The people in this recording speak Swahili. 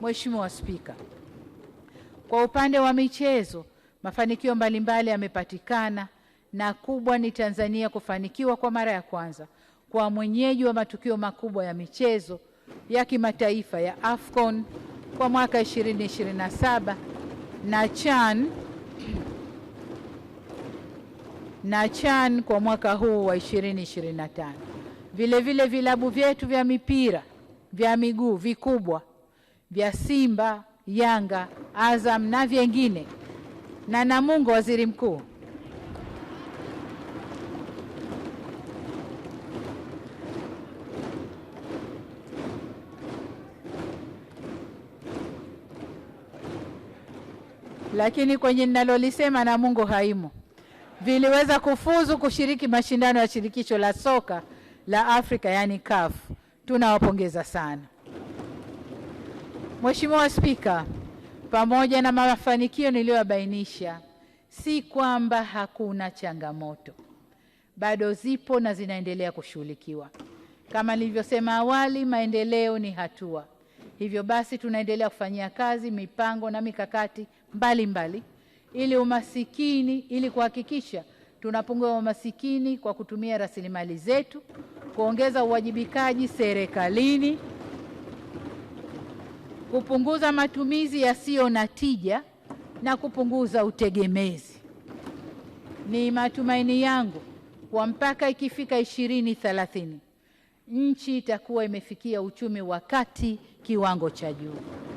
Mheshimiwa Spika, kwa upande wa michezo mafanikio mbalimbali yamepatikana na kubwa ni Tanzania kufanikiwa kwa mara ya kwanza kwa mwenyeji wa matukio makubwa ya michezo ya kimataifa ya AFCON kwa mwaka 2027 na CHAN na CHAN kwa mwaka huu wa 2025. Vilevile, vilabu vyetu vya mipira vya miguu vikubwa vya Simba, Yanga, Azam na vyengine, na Namungo waziri mkuu, lakini kwenye ninalolisema Namungo haimo, viliweza kufuzu kushiriki mashindano ya shirikisho la soka la Afrika, yaani CAF. Tunawapongeza sana. Mheshimiwa Spika, pamoja na mafanikio niliyobainisha si kwamba hakuna changamoto, bado zipo na zinaendelea kushughulikiwa. Kama nilivyosema awali, maendeleo ni hatua. Hivyo basi, tunaendelea kufanyia kazi mipango na mikakati mbalimbali mbali, ili umasikini ili kuhakikisha tunapunguza umasikini kwa kutumia rasilimali zetu, kuongeza uwajibikaji serikalini kupunguza matumizi yasiyo na tija na kupunguza utegemezi. Ni matumaini yangu kwa mpaka ikifika ishirini thelathini nchi itakuwa imefikia uchumi wa kati kiwango cha juu.